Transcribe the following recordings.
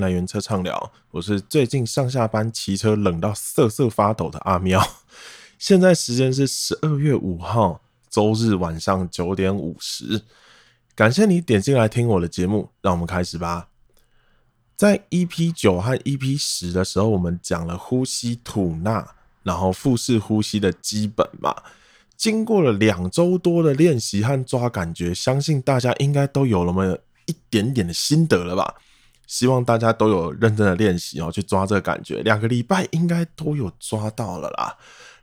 來緣側唱聊，我是最近上下班騎車冷到瑟瑟發抖的阿喵。現在時間是十二月五號周日晚上九點五十，感謝你點進來聽我的節目，讓我們開始吧。在 EP 九和 EP 十的時候，我們講了呼吸吐納，然後腹式呼吸的基本嘛。經過了兩周多的練習和抓感覺，相信大家應該都有了那麼一點點的心得了吧。希望大家都有認真的練習哦，去抓這個感覺。兩個禮拜應該都有抓到了啦。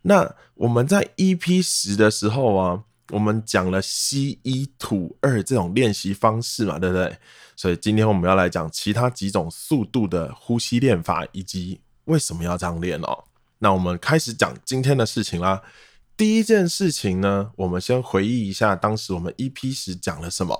那我們在 EP 十的時候啊，我們講了吸一吐二這種練習方式嘛，對不對？所以今天我們要來講其他幾種速度的呼吸練法，以及為什麼要這樣練哦。那我們開始講今天的事情啦。第一件事情呢，我們先回憶一下當時我們 EP 十講了什麼。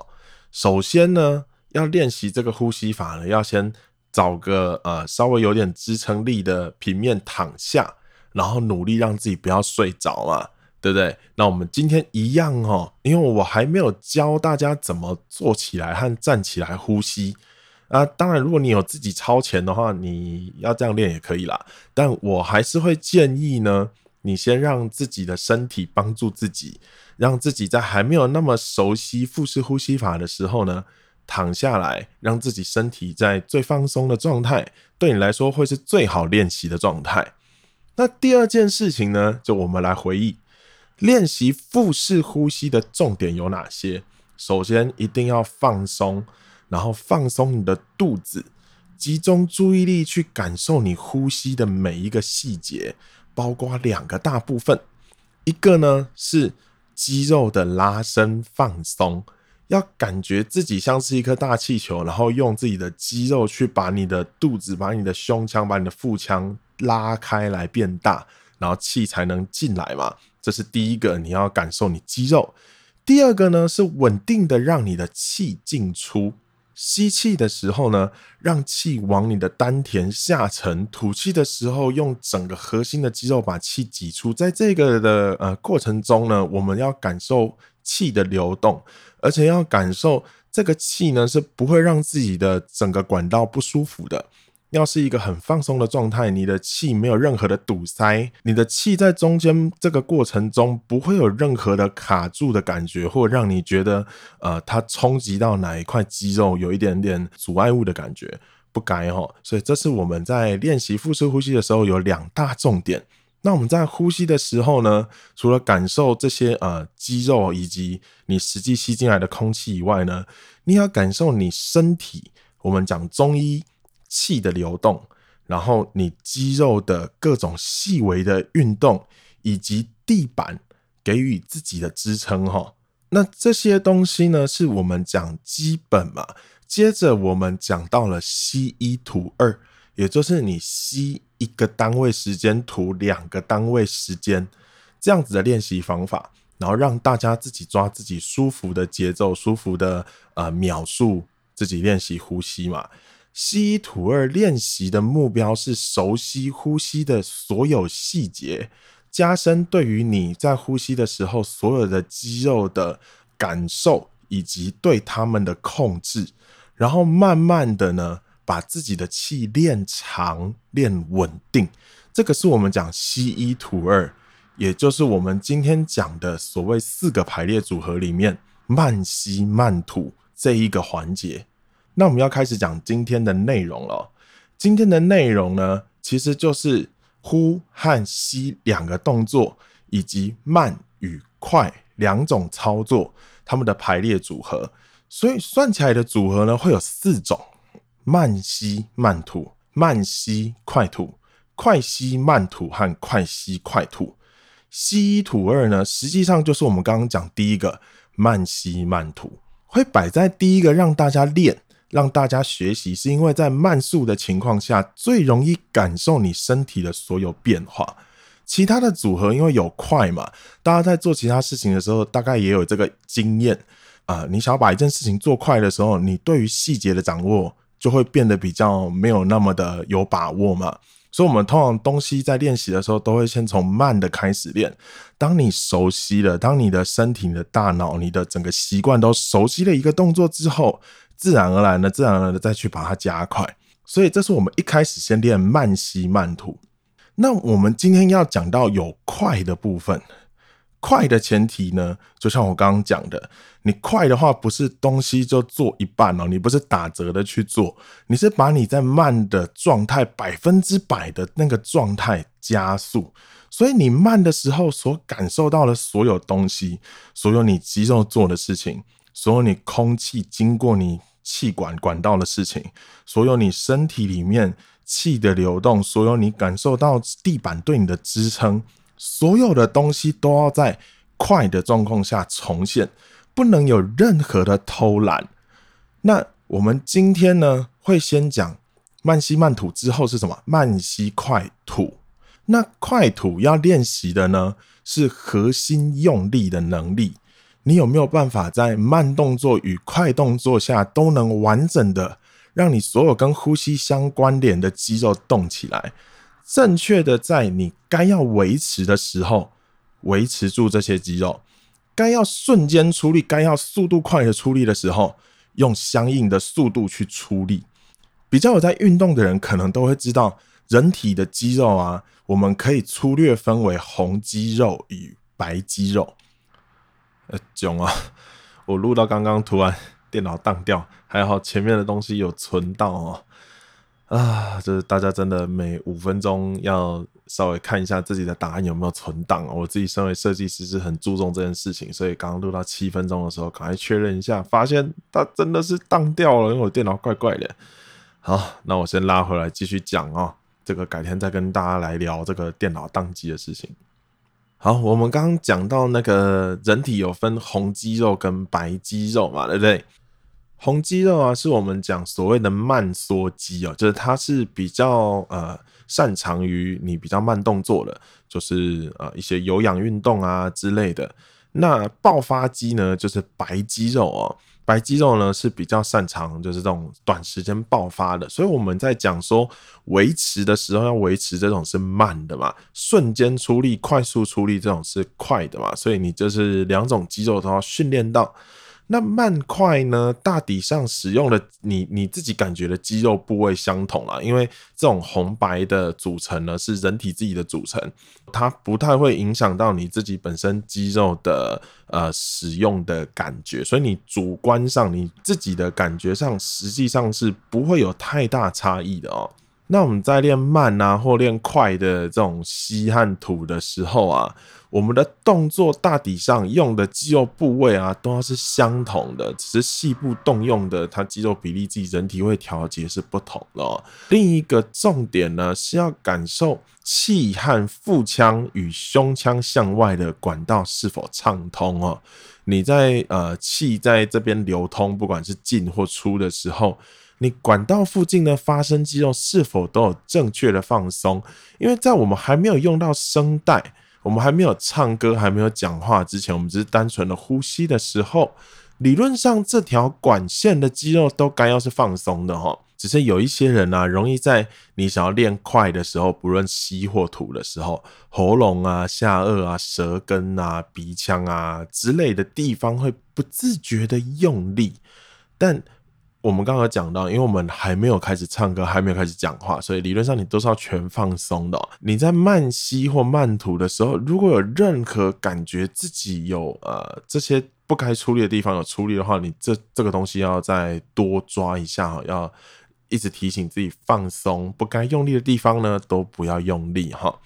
首先呢。要練習這個呼吸法呢，要先找個呃稍微有點支撐力的平面躺下，然後努力讓自己不要睡着嘛，對不對？那我們今天一樣哦、喔，因為我還沒有教大家怎麼坐起來和站起來呼吸啊。當然，如果你有自己超前的話，你要這樣練也可以啦。但我還是會建議呢，你先讓自己的身體幫助自己，讓自己在還沒有那麼熟悉腹式呼吸法的時候呢。躺下來，讓自己身體在最放鬆的狀態，對你來說會是最好練習的狀態。那第二件事情呢？就我們來回憶練習腹式呼吸的重點有哪些？首先，一定要放鬆，然後放鬆你的肚子，集中注意力去感受你呼吸的每一個細節，包括兩個大部分，一個呢是肌肉的拉伸放鬆。要感覺自己像是一顆大氣球，然後用自己的肌肉去把你的肚子、把你的胸腔、把你的腹腔拉開來變大，然後氣才能進來嘛。這是第一個，你要感受你肌肉。第二個呢，是穩定的讓你的氣進出。吸氣的時候呢，讓氣往你的丹田下沉；吐氣的時候，用整個核心的肌肉把氣擠出。在這個的呃過程中呢，我們要感受。氣的流動，而且要感受這個氣呢，是不會讓自己的整個管道不舒服的。要是一個很放鬆的狀態，你的氣沒有任何的堵塞，你的氣在中間這個過程中不會有任何的卡住的感覺，或讓你覺得呃，它衝擊到哪一塊肌肉有一點點阻礙物的感覺，不該哈、哦。所以這是我們在練習腹式呼吸的時候有兩大重點。那我們在呼吸的時候呢，除了感受這些呃肌肉以及你實際吸進來的空氣以外呢，你也要感受你身體，我們講中醫氣的流動，然後你肌肉的各種細微的運動，以及地板給予自己的支撐哈。那這些東西呢，是我們講基本嘛。接着我們講到了吸一吐二。也就是你吸一個單位時間，吐兩個單位時間，這樣子的練習方法，然後讓大家自己抓自己舒服的節奏、舒服的呃秒數，描述自己練習呼吸嘛。吸一吐二，練習的目標是熟悉呼吸的所有細節，加深對於你在呼吸的時候所有的肌肉的感受以及對它們的控制，然後慢慢的呢。把自己的氣練長、練穩定，這個是我們講吸一吐二，也就是我們今天講的所謂四個排列組合裡面慢吸慢吐這一個環節。那我們要開始講今天的內容了。今天的內容呢，其實就是呼和吸兩個動作，以及慢與快兩種操作，它們的排列組合。所以算起來的組合呢，會有四種。慢吸慢吐、慢吸快吐、快吸慢吐和快吸快吐，吸一吐二呢，實際上就是我們剛剛講第一個慢吸慢吐，會擺在第一個讓大家練、讓大家學習，是因為在慢速的情況下最容易感受你身體的所有變化。其他的組合，因為有快嘛，大家在做其他事情的時候，大概也有這個經驗啊、呃。你想要把一件事情做快的時候，你對於細節的掌握。就會變得比較沒有那麼的有把握嘛，所以，我們通常東西在練習的時候，都會先從慢的開始練。當你熟悉了，當你的身體、你的大腦、你的整個習慣都熟悉了一個動作之後，自然而然的，自然而然的再去把它加快。所以，這是我們一開始先練慢吸慢吐。那我們今天要講到有快的部分。快的前提呢，就像我剛剛講的，你快的話不是東西就做一半哦，你不是打折的去做，你是把你在慢的狀態，百分之百的那個狀態加速，所以你慢的時候所感受到的所有東西，所有你肌肉做的事情，所有你空氣經過你氣管管道的事情，所有你身體裡面氣的流動，所有你感受到地板對你的支撐。所有的東西都要在快的狀況下重現，不能有任何的偷懶。那我們今天呢，會先講慢吸慢吐之後是什麼？慢吸快吐。那快吐要練習的呢，是核心用力的能力。你有沒有辦法在慢動作與快動作下都能完整的讓你所有跟呼吸相關聯的肌肉動起來？正確的，在你該要維持的時候，維持住這些肌肉；該要瞬間出力、該要速度快的出力的時候，用相應的速度去出力。比較有在運動的人，可能都會知道，人體的肌肉啊，我們可以粗略分為紅肌肉與白肌肉。呃，囧啊！我錄到剛剛突然電腦當掉，還好前面的東西有存到哦。啊，就是大家真的每五分鐘要稍微看一下自己的檔案有沒有存檔，我自己身為設計師，是很注重這件事情，所以剛剛錄到七分鐘的時候，趕快確認一下，發現它真的是當掉了，因為我電腦怪怪的。好，那我先拉回來繼續講啊，哦，這個改天再跟大家來聊這個電腦宕機的事情。好，我們剛剛講到那個人體有分紅肌肉跟白肌肉嘛，對不對？紅肌肉啊，是我們講所謂的慢縮肌哦，就是它是比較呃擅長於你比較慢動作的，就是呃一些有氧運動啊之類的。那爆發肌呢，就是白肌肉哦，白肌肉呢是比較擅長就是這種短時間爆發的。所以我們在講說維持的時候，要維持這種是慢的嘛，瞬間出力、快速出力這種是快的嘛，所以你就是兩種肌肉都要訓練到。那慢快呢？大體上使用的你你自己感覺的肌肉部位相同啦，因為這種紅白的組成呢是人體自己的組成，它不太會影響到你自己本身肌肉的呃使用的感覺，所以你主觀上你自己的感覺上實際上是不會有太大差異的哦、喔。那我們在練慢啊或練快的這種吸和吐的時候啊。我們的動作大體上用的肌肉部位啊，都要是相同的，只是細部動用的，它肌肉比例自己人體會調節是不同的哦。另一個重點呢，是要感受氣和腹腔與胸腔向外的管道是否暢通哦。你在呃氣在這邊流通，不管是進或出的時候，你管道附近的發聲肌肉是否都有正確的放鬆？因為在我們還沒有用到聲帶。我們還沒有唱歌，還沒有講話之前，我們只是單純的呼吸的時候，理論上這條管線的肌肉都該要是放鬆的哈。只是有一些人啊，容易在你想要練快的時候，不論吸或吐的時候，喉嚨啊、下顎啊、舌根啊、鼻腔啊之類的地方會不自覺的用力，但。我們剛剛講到，因為我們還沒有開始唱歌，還沒有開始講話，所以理論上你都是要全放鬆的。你在慢吸或慢吐的時候，如果有任何感覺自己有呃這些不該出力的地方有出力的話，你這這個東西要再多抓一下哈，要一直提醒自己放鬆，不該用力的地方呢都不要用力哈。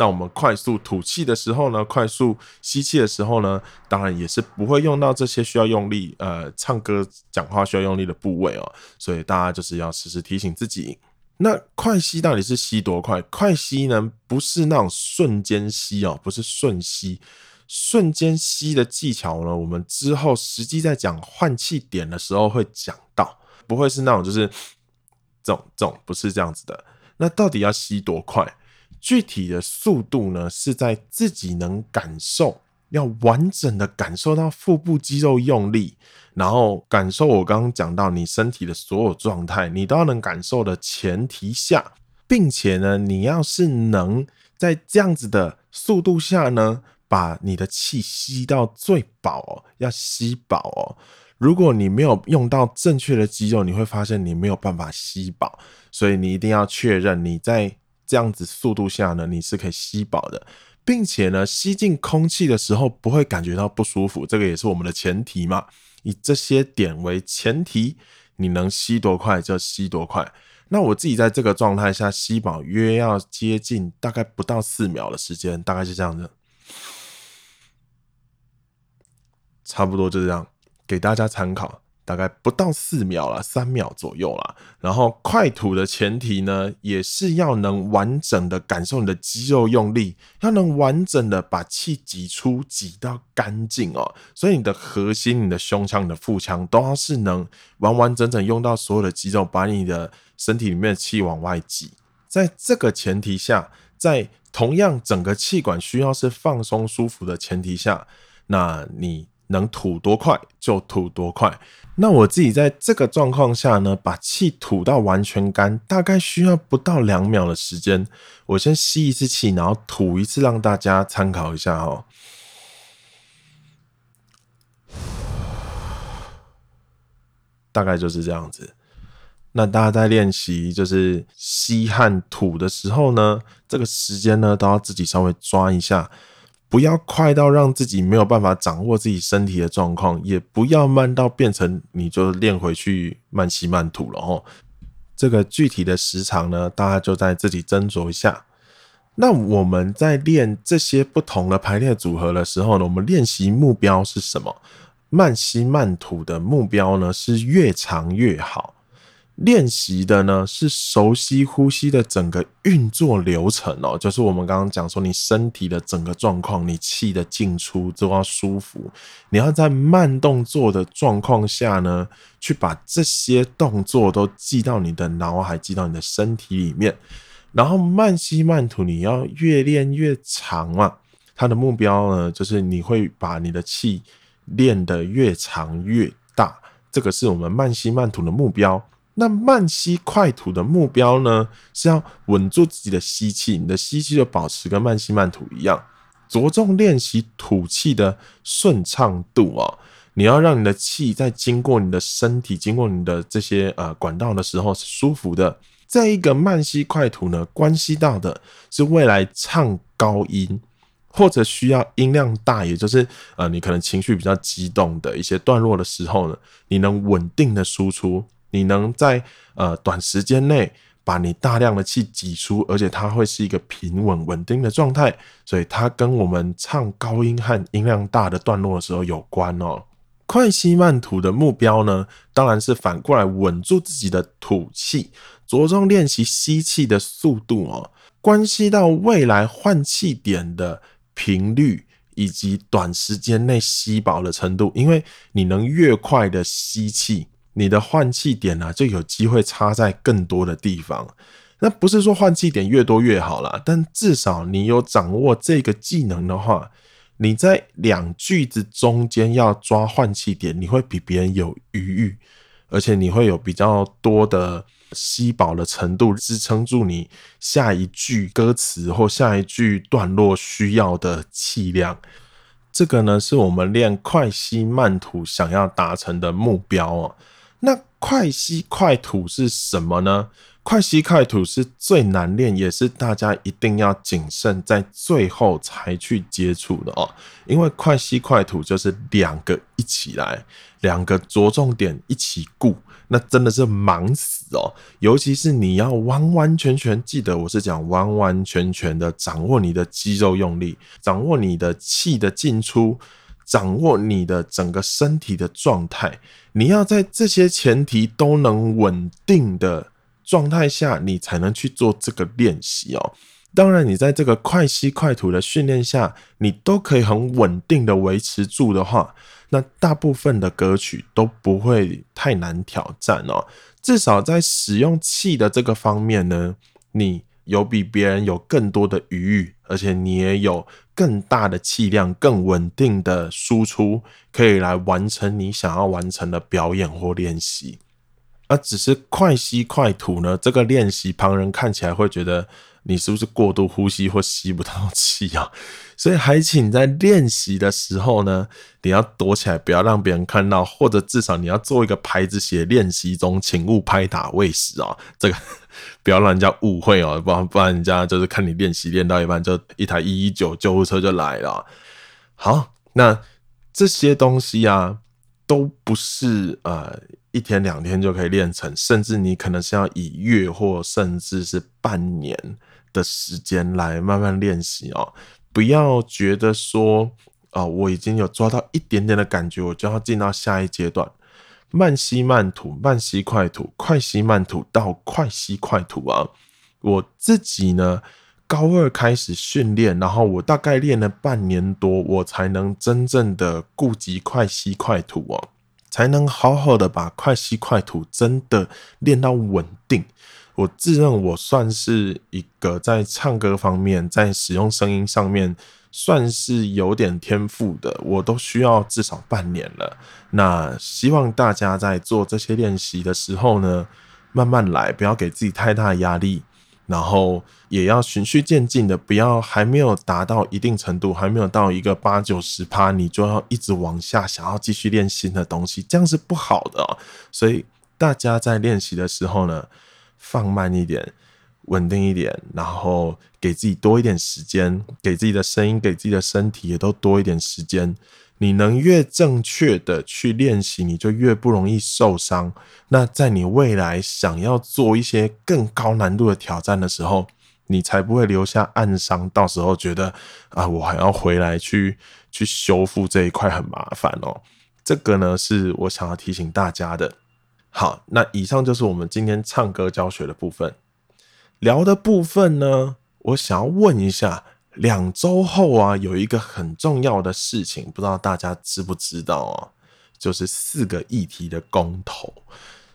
那我們快速吐氣的時候呢？快速吸氣的時候呢？當然也是不會用到這些需要用力，呃，唱歌、講話需要用力的部位哦。所以大家就是要時時提醒自己。那快吸到底是吸多快？快吸呢，不是那種瞬間吸哦，不是瞬吸。瞬間吸的技巧呢，我們之後實際在講換氣點的時候會講到，不會是那種就是，總總不是這樣子的。那到底要吸多快？具體的速度呢，是在自己能感受，要完整的感受到腹部肌肉用力，然後感受我剛剛講到你身體的所有狀態，你都要能感受的前提下，並且呢，你要是能在這樣子的速度下呢，把你的氣吸到最飽，哦，要吸飽哦。如果你沒有用到正確的肌肉，你會發現你沒有辦法吸飽，所以你一定要確認你在。這樣子速度下呢，你是可以吸飽的，並且呢，吸進空氣的時候不會感覺到不舒服，這個也是我們的前提嘛。以這些點為前提，你能吸多快就吸多快。那我自己在這個狀態下吸飽約要接近大概不到四秒的時間，大概是這樣子，差不多就這樣，給大家參考。大概不到四秒了，三秒左右了。然後快吐的前提呢，也是要能完整的感受你的肌肉用力，要能完整的把氣擠出，擠到乾淨哦。所以你的核心、你的胸腔、你的腹腔，都要是能完完整整用到所有的肌肉，把你的身體裡面的氣往外擠。在這個前提下，在同樣整個氣管需要是放鬆舒服的前提下，那你。能吐多快就吐多快。那我自己在這個狀況下呢，把氣吐到完全乾，大概需要不到兩秒的時間。我先吸一次氣，然後吐一次，讓大家參考一下哦。大概就是這樣子。那大家在練習就是吸和吐的時候呢，這個時間呢都要自己稍微抓一下。不要快到讓自己沒有辦法掌握自己身體的狀況，也不要慢到變成你就練回去慢吸慢吐了哦。這個具體的時長呢，大家就在自己斟酌一下。那我們在練這些不同的排列組合的時候呢，我們練習目標是什麼？慢吸慢吐的目標呢，是越長越好。練習的呢是熟悉呼吸的整個運作流程哦，就是我們剛剛講說，你身體的整個狀況，你氣的進出都要舒服。你要在慢動作的狀況下呢，去把這些動作都記到你的腦海，記到你的身體裡面。然後慢吸慢吐，你要越練越長嘛、啊。它的目標呢就是你會把你的氣練得越長越大，這個是我們慢吸慢吐的目標。那慢吸快吐的目標呢，是要穩住自己的吸氣，你的吸氣就保持跟慢吸慢吐一樣，着重練習吐氣的順暢度哦。你要讓你的氣在經過你的身體、經過你的這些呃管道的時候是舒服的。這一個慢吸快吐呢，關係到的是未來唱高音或者需要音量大，也就是呃你可能情緒比較激動的一些段落的時候呢，你能穩定的輸出。你能在呃短時間內把你大量的氣擠出，而且它會是一個平穩穩定的狀態，所以它跟我們唱高音和音量大的段落的時候有關哦。快吸慢吐的目標呢，當然是反過來穩住自己的吐氣，着重練習吸氣的速度哦，關係到未來換氣點的頻率以及短時間內吸飽的程度，因為你能越快的吸氣。你的換氣點呢、啊，就有機會插在更多的地方。那不是說換氣點越多越好啦，但至少你有掌握這個技能的話，你在兩句子中間要抓換氣點，你會比別人有餘裕，而且你會有比較多的吸飽的程度，支撐住你下一句歌詞或下一句段落需要的氣量。這個呢，是我們練快吸慢吐想要達成的目標哦、啊。那快吸快吐是什麼呢？快吸快吐是最難練，也是大家一定要謹慎，在最後才去接觸的哦。因為快吸快吐就是兩個一起來，兩個着重點一起顧，那真的是忙死哦。尤其是你要完完全全記得，我是講完完全全的掌握你的肌肉用力，掌握你的氣的進出。掌握你的整個身體的狀態，你要在這些前提都能穩定的狀態下，你才能去做這個練習哦。當然，你在這個快吸快吐的訓練下，你都可以很穩定的維持住的話，那大部分的歌曲都不會太難挑戰哦。至少在使用氣的這個方面呢，你有比別人有更多的餘裕，而且你也有更大的氣量、更穩定的輸出，可以來完成你想要完成的表演或練習。而只是快吸快吐呢，這個練習旁人看起來會覺得你是不是過度呼吸或吸不到氣啊？所以，還請你在練習的時候呢，你要躲起來，不要讓別人看到，或者至少你要做一個牌子寫“練習中，請勿拍打餵食”啊，這個 不要讓人家誤會哦，不然不然人家就是看你練習練到一半，就一台一一九救護車就來了。好，那這些東西啊，都不是啊，呃，一天兩天就可以練成，甚至你可能是要以月或甚至是半年的時間來慢慢練習哦。不要覺得說，啊、哦，我已經有抓到一點點的感覺，我就要進到下一階段，慢吸慢吐，慢吸快吐，快吸慢吐到快吸快吐啊！我自己呢，高二開始訓練，然後我大概練了半年多，我才能真正的顧及快吸快吐啊，才能好好的把快吸快吐真的練到穩定。我自認我算是一個在唱歌方面，在使用聲音上面算是有點天賦的，我都需要至少半年了。那希望大家在做這些練習的時候呢，慢慢來，不要給自己太大的壓力，然後也要循序漸進的，不要還沒有達到一定程度，還沒有到一個八九十趴，你就要一直往下，想要繼續練新的東西，這樣是不好的哦。所以大家在練習的時候呢，放慢一點，穩定一點，然後給自己多一點時間，給自己的聲音，給自己的身體也都多一點時間。你能越正確的去練習，你就越不容易受傷。那在你未來想要做一些更高難度的挑戰的時候，你才不會留下暗傷。到時候覺得啊，我還要回來去去修復這一塊，很麻煩哦。這個呢，是我想要提醒大家的。好，那以上就是我們今天唱歌教學的部分。聊的部分呢，我想要問一下，兩周後啊，有一個很重要的事情，不知道大家知不知道啊？就是四個議題的公投。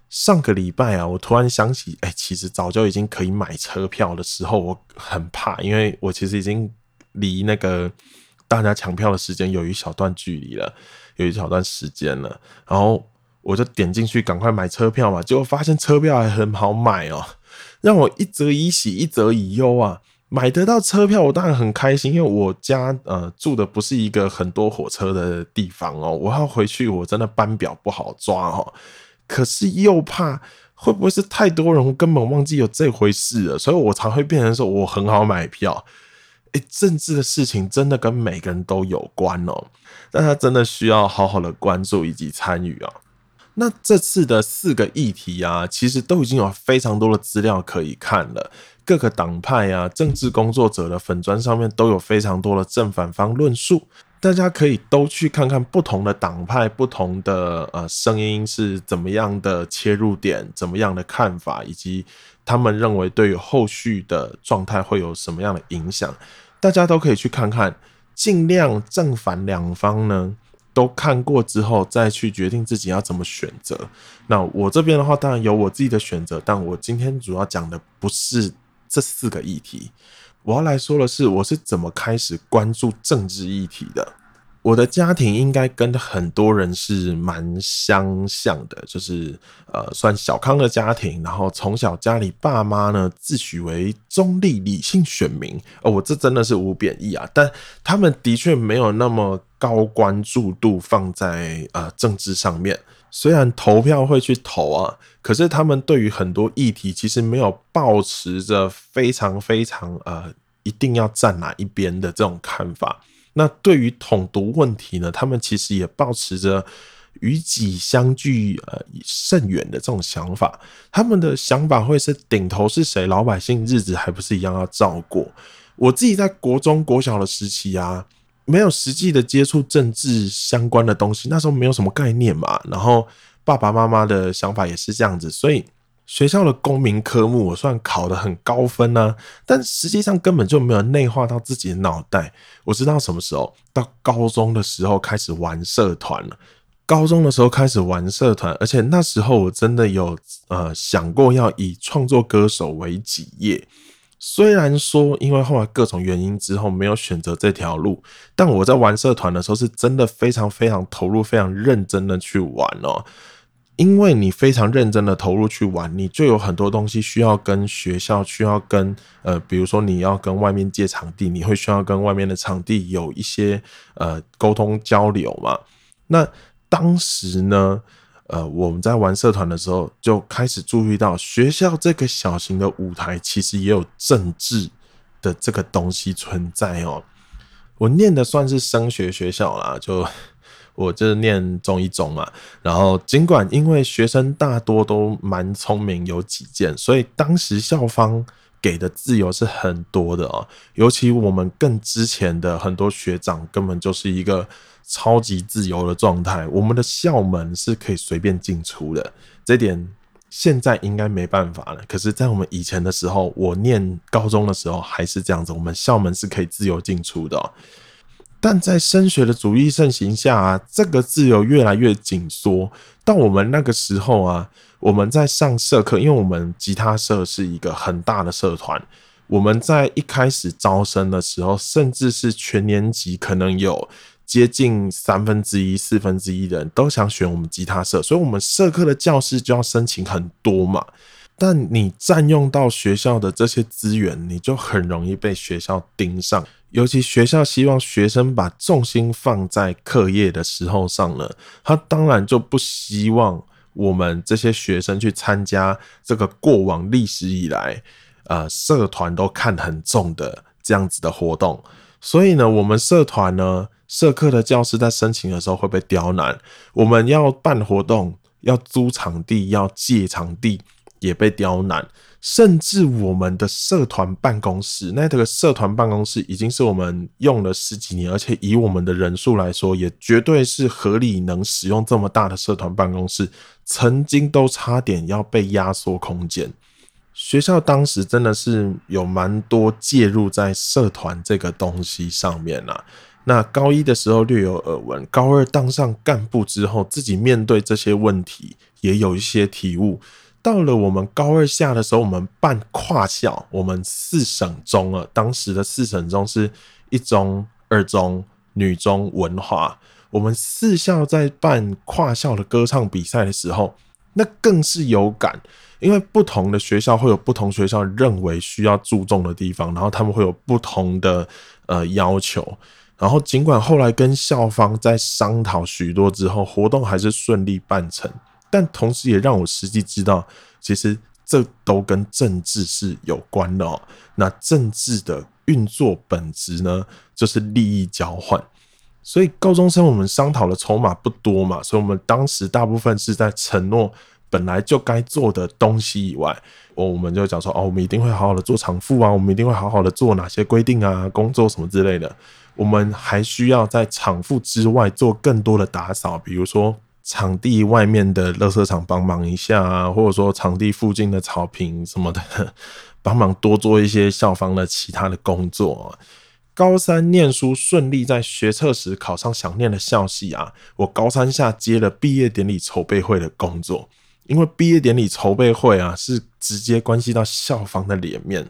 上個禮拜啊，我突然想起，哎、欸，其實早就已經可以買車票的時候，我很怕，因為我其實已經離那個大家搶票的時間有一小段距離了，有一小段時間了，然後。我就點進去，趕快買車票嘛！結果發現車票還很好買哦、喔，讓我一則以喜，一則以憂啊！買得到車票，我當然很開心，因為我家呃住的不是一個很多火車的地方哦、喔，我要回去我真的班表不好抓哦、喔。可是又怕會不會是太多人根本忘記有這回事了，所以我才會變成說我很好買票。誒、欸，政治的事情真的跟每個人都有關哦、喔，但他真的需要好好的關注以及參與哦。那這次的四個議題啊，其實都已經有非常多的資料可以看了。各個黨派啊、政治工作者的粉專上面都有非常多的正反方論述，大家可以都去看看不同的黨派、不同的呃聲音是怎麼樣的切入點、怎麼樣的看法，以及他們認為對於後續的狀態會有什麼樣的影響。大家都可以去看看，儘量正反兩方呢，都看過之後，再去決定自己要怎麼選擇。那我這邊的話，當然有我自己的選擇，但我今天主要講的不是這四個議題，我要來說的是我是怎麼開始關注政治議題的。我的家庭應該跟很多人是蠻相像的，就是呃，算小康的家庭。然後從小家裡爸媽呢自詡為中立理性選民，呃，哦，我這真的是無貶義啊。但他們的確沒有那麼高關注度放在呃政治上面。雖然投票會去投啊，可是他們對於很多議題其實沒有抱持着非常非常呃一定要站哪一邊的這種看法。那對於統獨問題呢，他們其實也保持着與己相距呃甚遠的這種想法。他們的想法會是頂頭是誰，老百姓日子還不是一樣要照過？我自己在國中、國小的時期啊，沒有實際的接觸政治相關的東西，那時候沒有什麼概念嘛。然後爸爸媽媽的想法也是這樣子，所以。學校的公民科目，我算考得很高分啊，但實際上根本就沒有內化到自己的腦袋。我知道什麼時候到高中的時候開始玩社團了，高中的時候開始玩社團，而且那時候我真的有呃想過要以創作歌手為職業。雖然說因為後來各種原因之後沒有選擇這條路，但我在玩社團的時候是真的非常非常投入、非常認真的去玩哦。因為你非常認真的投入去玩，你就有很多東西需要跟學校，需要跟呃，比如說你要跟外面借場地，你會需要跟外面的場地有一些呃溝通交流嘛。那當時呢，呃，我們在玩社團的時候，就開始注意到學校這個小型的舞台，其實也有政治的這個東西存在哦。我念的算是升學學校啦，就。我就是念中一中嘛，然後儘管因為學生大多都蠻聰明有己見，所以當時校方給的自由是很多的啊、哦。尤其我們更之前的很多學長，根本就是一個超級自由的狀態。我們的校門是可以隨便進出的，這點現在應該沒辦法了。可是，在我們以前的時候，我念高中的時候還是這樣子，我們校門是可以自由進出的、哦。但在升學的主義盛行下啊，這個自由越來越緊縮。到我們那個時候啊，我們在上社課，因為我們吉他社是一個很大的社團，我們在一開始招生的時候，甚至是全年級可能有接近三分之一、四分之一的人都想選我們吉他社，所以，我們社課的教室就要申請很多嘛。但你佔用到學校的這些資源，你就很容易被學校盯上。尤其學校希望學生把重心放在課業的時候上呢，他當然就不希望我們這些學生去參加這個過往歷史以來，呃，社團都看很重的這樣子的活動。所以呢，我們社團呢，社課的教室在申請的時候會被刁難。我們要辦活動，要租場地，要借場地。也被刁難，甚至我們的社團辦公室，那這個社團辦公室已經是我們用了十幾年，而且以我們的人數來說，也絕對是合理能使用這麼大的社團辦公室。曾經都差點要被壓縮空間，學校當時真的是有蠻多介入在社團這個東西上面啦。那高一的時候略有耳聞，高二當上幹部之後，自己面對這些問題也有一些體悟。到了我們高二下的時候，我們辦跨校，我們四省中啊，當時的四省中是一中、二中、女中、文華。我們四校在辦跨校的歌唱比賽的時候，那更是有感，因為不同的學校會有不同學校認為需要注重的地方，然後他們會有不同的呃要求。然後儘管後來跟校方在商討許多之後，活動還是順利辦成。但同時也讓我實際知道，其實這都跟政治是有關的，喔。那政治的運作本質呢，就是利益交換。所以高中生我們商討的籌碼不多嘛，所以我們當時大部分是在承諾本來就該做的東西以外，我們就講說哦，我們一定會好好的做廠婦啊，我們一定會好好的做哪些規定啊、工作什麼之類的。我們還需要在廠婦之外做更多的打掃，比如說。場地外面的垃圾場幫忙一下啊，或者說場地附近的草坪什麼的，幫忙多做一些校方的其他的工作啊。高三念書順利，在學測時考上想念的校系啊。我高三下接了畢業典禮籌備會的工作，因為畢業典禮籌備會啊，是直接關係到校方的臉面，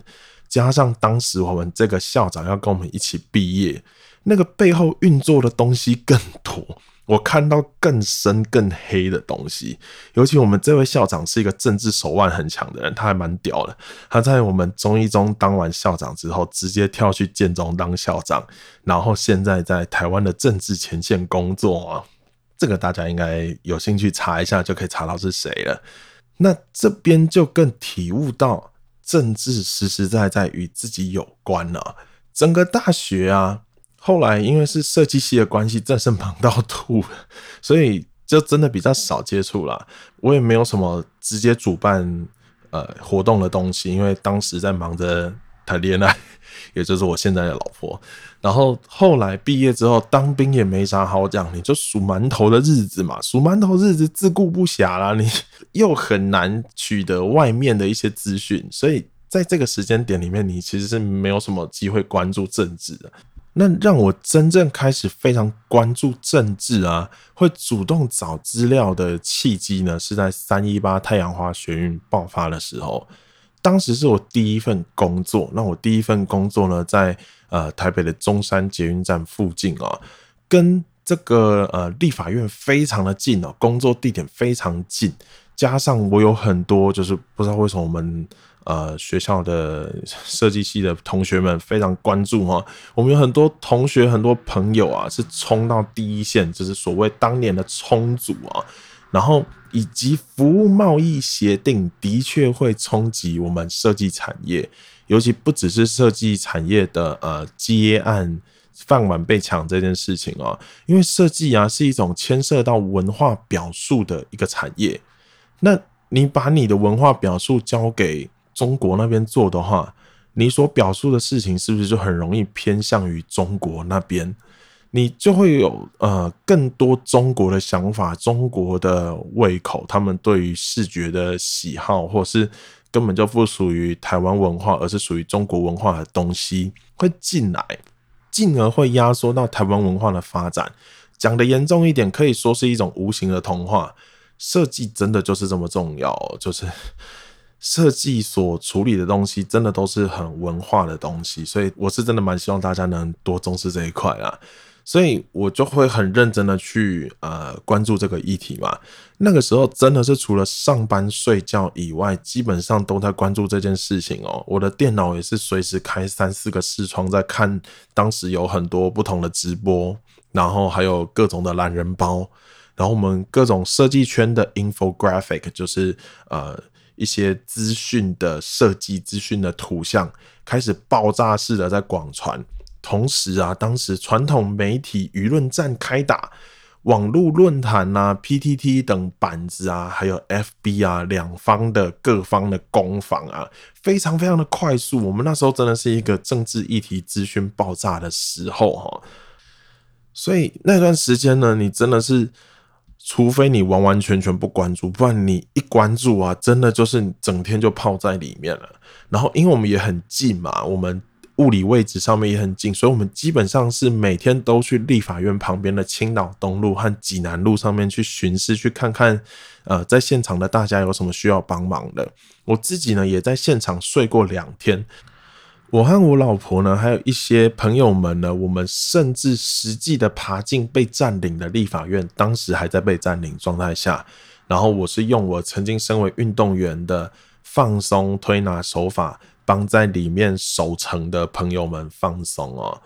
加上當時我們這個校長要跟我們一起畢業，那個背後運作的東西更多。我看到更深、更黑的東西，尤其我們這位校長是一個政治手腕很強的人，他還蠻屌的。他在我們中一中當完校長之後，直接跳去建中當校長，然後現在在台灣的政治前線工作啊。這個大家應該有興趣查一下，就可以查到是誰了。那這邊就更體悟到政治實實在在與自己有關了啊。整個大學啊。後來因為是設計系的關係，真是忙到吐，所以就真的比較少接觸啦。我也沒有什麼直接主辦呃活動的東西，因為當時在忙着談戀愛，也就是我現在的老婆。然後後來畢業之後當兵也沒啥好講，你就數饅頭的日子嘛，數饅頭日子自顧不暇啦，你又很難取得外面的一些資訊，所以在這個時間點裡面，你其實是沒有什麼機會關注政治的。那讓我真正開始非常關注政治啊，會主動找資料的契機呢，是在三一八太陽花學運爆發的時候。當時是我第一份工作，那我第一份工作呢，在呃台北的中山捷運站附近啊哦，跟這個呃立法院非常的近哦，工作地點非常近，加上我有很多就是不知道為什麼我們。呃，學校的設計系的同學們非常關注哈、哦，我們有很多同學、很多朋友啊，是衝到第一線，就是所謂當年的衝組啊，然後以及服務貿易協定的確會衝擊我們設計產業，尤其不只是設計產業的呃接案飯碗被搶這件事情哦，因為設計啊是一種牽涉到文化表述的一個產業，那你把你的文化表述交給中國那邊做的話，你所表述的事情是不是就很容易偏向於中國那邊？你就會有呃更多中國的想法、中國的胃口，他們對於視覺的喜好，或是根本就不屬於台灣文化，而是屬於中國文化的東西會進來，進而會壓縮到台灣文化的發展。講得嚴重一點，可以說是一種無形的同化，設計真的就是這麼重要，就是。設計所處理的東西，真的都是很文化的東西，所以我是真的蠻希望大家能多重視這一塊啊，所以我就會很認真的去呃關注這個議題嘛。那個時候真的是除了上班睡覺以外，基本上都在關注這件事情哦、喔。我的電腦也是隨時開三四個視窗在看，當時有很多不同的直播，然後還有各種的懶人包，然後我們各種設計圈的 infographic 就是呃。一些資訊的設計、資訊的圖像開始爆炸式的在廣傳，同時啊，當時傳統媒體輿論戰開打，網絡論壇吶、啊、PTT 等板子啊，還有 FB 啊，兩方的各方的攻防啊，非常非常的快速。我們那時候真的是一個政治議題資訊爆炸的時候哈，所以那段時間呢，你真的是。除非你完完全全不關注，不然你一關注啊，真的就是整天就泡在裡面了。然後，因為我們也很近嘛，我們物理位置上面也很近，所以我們基本上是每天都去立法院旁邊的青島東路和濟南路上面去巡視，去看看，呃，在現場的大家有什麼需要幫忙的。我自己呢，也在現場睡過兩天。我和我老婆呢，還有一些朋友們呢，我們甚至實際的爬進被佔領的立法院，當時還在被佔領狀態下，然後我是用我曾經身為運動員的放鬆推拿手法，幫在裡面守城的朋友們放鬆哦、喔。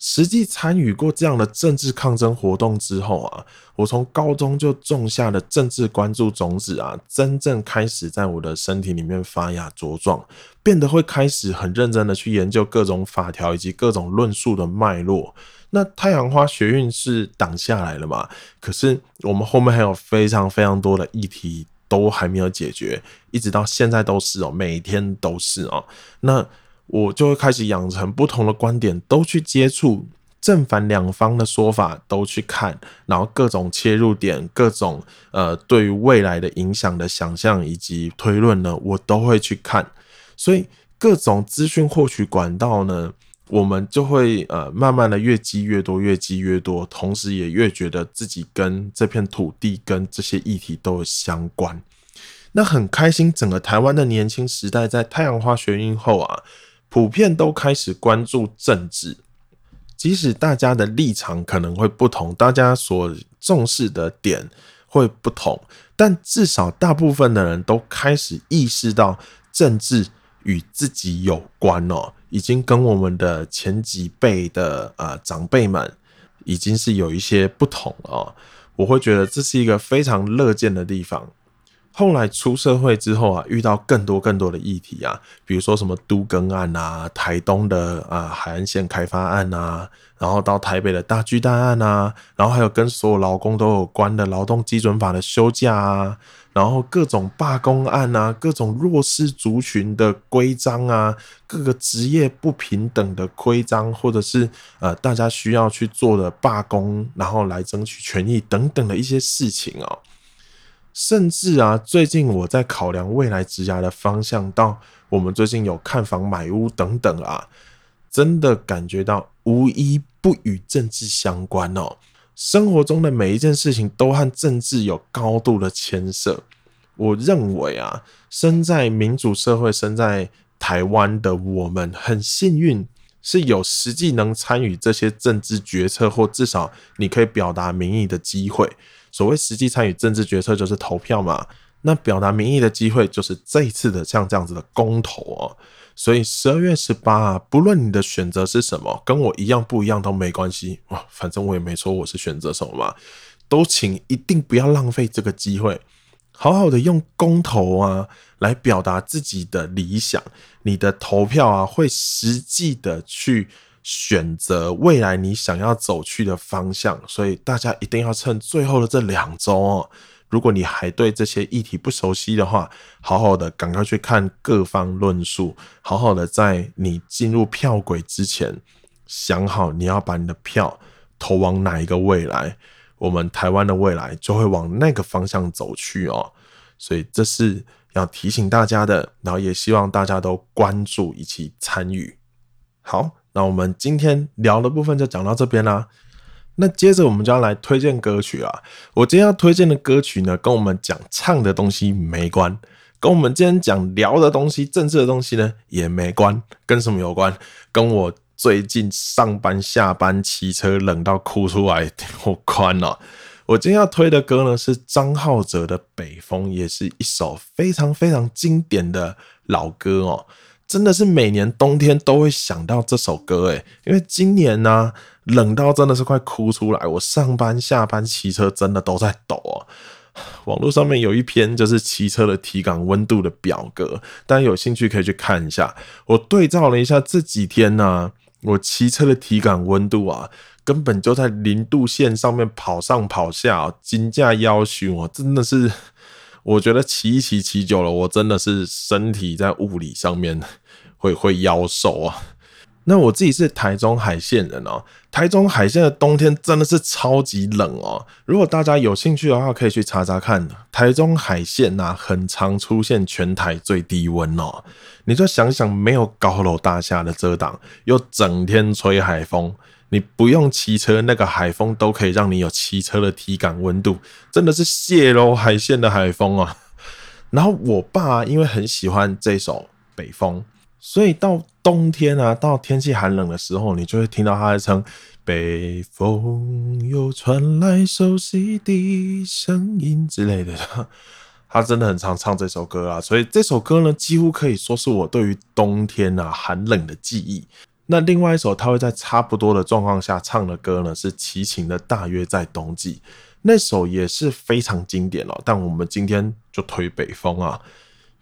實際參與過這樣的政治抗爭活動之後啊，我從高中就種下了政治關注種子啊，真正開始在我的身體裡面發芽茁壯，變得會開始很認真的去研究各種法條以及各種論述的脈絡。那太陽花學運是擋下來了嘛？可是我們後面還有非常非常多的議題都還沒有解決，一直到現在都是哦，每天都是哦。那我就會開始養成不同的觀點，都去接觸正反兩方的說法，都去看，然後各種切入點、各種呃對於未來的影響的想象以及推論呢，我都會去看。所以各種資訊獲取管道呢，我們就會呃慢慢的越積越多，越積越多，同時也越覺得自己跟這片土地、跟這些議題都有相關。那很開心，整個台灣的年輕時代在太陽花學運後啊。普遍都開始關注政治，即使大家的立場可能會不同，大家所重視的點會不同，但至少大部分的人都開始意識到政治與自己有關哦，已經跟我們的前幾輩的呃長輩們已經是有一些不同了哦。我會覺得這是一個非常樂見的地方。後來出社會之後啊，遇到更多更多的議題啊，比如說什麼都更案啊、台東的啊、呃、海岸線開發案啊，然後到台北的大巨蛋案啊，然後還有跟所有勞工都有關的勞動基準法的休假啊，然後各種罷工案啊，各種弱勢族群的規章啊，各個職業不平等的規章，或者是呃大家需要去做的罷工，然後來爭取權益等等的一些事情哦、喔。甚至啊，最近我在考量未來職涯的方向，到我們最近有看房、買屋等等啊，真的感覺到無一不與政治相關哦。生活中的每一件事情都和政治有高度的牽涉。我認為啊，身在民主社會、身在台灣的我們很幸運，是有實際能參與這些政治決策，或至少你可以表達民意的機會。所謂實際參與政治決策，就是投票嘛。那表達民意的機會，就是這一次的像這樣子的公投哦。所以十二月十八啊，不論你的選擇是什麼，跟我一樣不一樣都沒關係哦。反正我也沒說我是選擇什麼嘛。都請一定不要浪費這個機會，好好的用公投啊來表達自己的理想。你的投票啊，會實際的去。選擇未來你想要走去的方向，所以大家一定要趁最後的這兩週哦。如果你還對這些議題不熟悉的話，好好的趕快去看各方論述，好好的在你進入票軌之前，想好你要把你的票投往哪一個未來，我們台灣的未來就會往那個方向走去哦。所以這是要提醒大家的，然後也希望大家都關注以及參與。好。那我們今天聊的部分就講到這邊啦。那接着我們就要來推薦歌曲啊。我今天要推薦的歌曲呢，跟我們講唱的東西沒關，跟我們今天講聊的東西、政治的東西呢也沒關。跟什麼有關？跟我最近上班下班騎車冷到哭出來有關哦、啊。我今天要推的歌呢是張鎬哲的《北風》，也是一首非常非常經典的老歌哦。真的是每年冬天都會想到這首歌誒、欸，因為今年呢、啊、冷到真的是快哭出來，我上班下班騎車真的都在抖、啊。網絡上面有一篇就是騎車的體感溫度的表格，大家有興趣可以去看一下。我對照了一下這幾天呢、啊，我騎車的體感溫度啊，根本就在零度線上面跑上跑下、啊，金價要虛，我真的是。我覺得騎一騎騎久了，我真的是身體在物理上面會會腰瘦啊。那我自己是台中海線人哦，台中海線的冬天真的是超級冷哦。如果大家有興趣的話，可以去查查看，台中海線吶、啊，很常出現全台最低溫哦。你就想想，沒有高樓大廈的遮擋，又整天吹海風。你不用騎車，那個海風都可以讓你有騎車的體感溫度，真的是泄露海線的海風啊！然後我爸、啊、因為很喜歡這首《北風》，所以到冬天啊，到天氣寒冷的時候，你就會聽到他的聲《北風》，又傳來熟悉的聲音之類的。他真的很常唱這首歌啊，所以這首歌呢，幾乎可以說是我對於冬天啊，寒冷的記憶。那另外一首他會在差不多的狀況下唱的歌呢，是齊秦的《大約在冬季》，那首也是非常經典了、喔。但我們今天就推北風啊，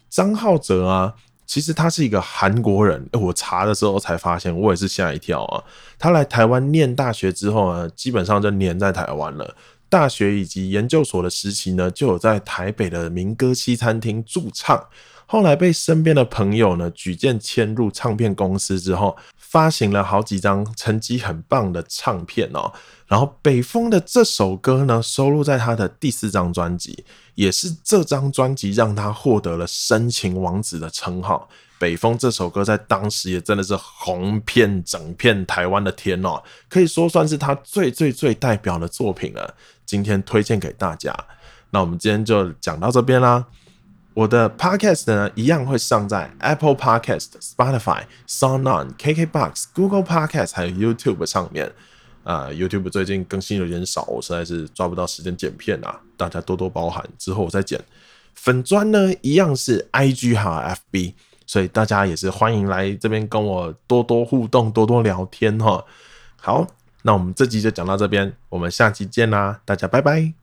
張鎬哲啊，其實他是一個韓國人。欸、我查的時候才發現，我也是嚇一跳啊。他來台灣念大學之後呢，基本上就黏在台灣了。大學以及研究所的時期呢，就有在台北的民歌西餐廳駐唱。後來被身邊的朋友呢舉薦，遷入唱片公司之後。發行了好幾張成績很棒的唱片哦，然後北風的這首歌呢，收錄在他的第四張專輯，也是這張專輯讓他獲得了深情王子的稱號。北風這首歌在當時也真的是紅遍整片台灣的天哦，可以說算是他最最最代表的作品了。今天推薦給大家，那我們今天就講到這邊啦。我的 Podcast 呢，一樣會上在 Apple Podcast、Spotify、SoundOn、KKBox、Google Podcast 還有 YouTube 上面。啊、呃，YouTube 最近更新有點少，我實在是抓不到時間剪片啊。大家多多包涵，之後我再剪。粉專呢，一樣是 IG 和 FB，所以大家也是歡迎來這邊跟我多多互動、多多聊天哈。好，那我們這集就講到這邊，我們下期見啦，大家拜拜。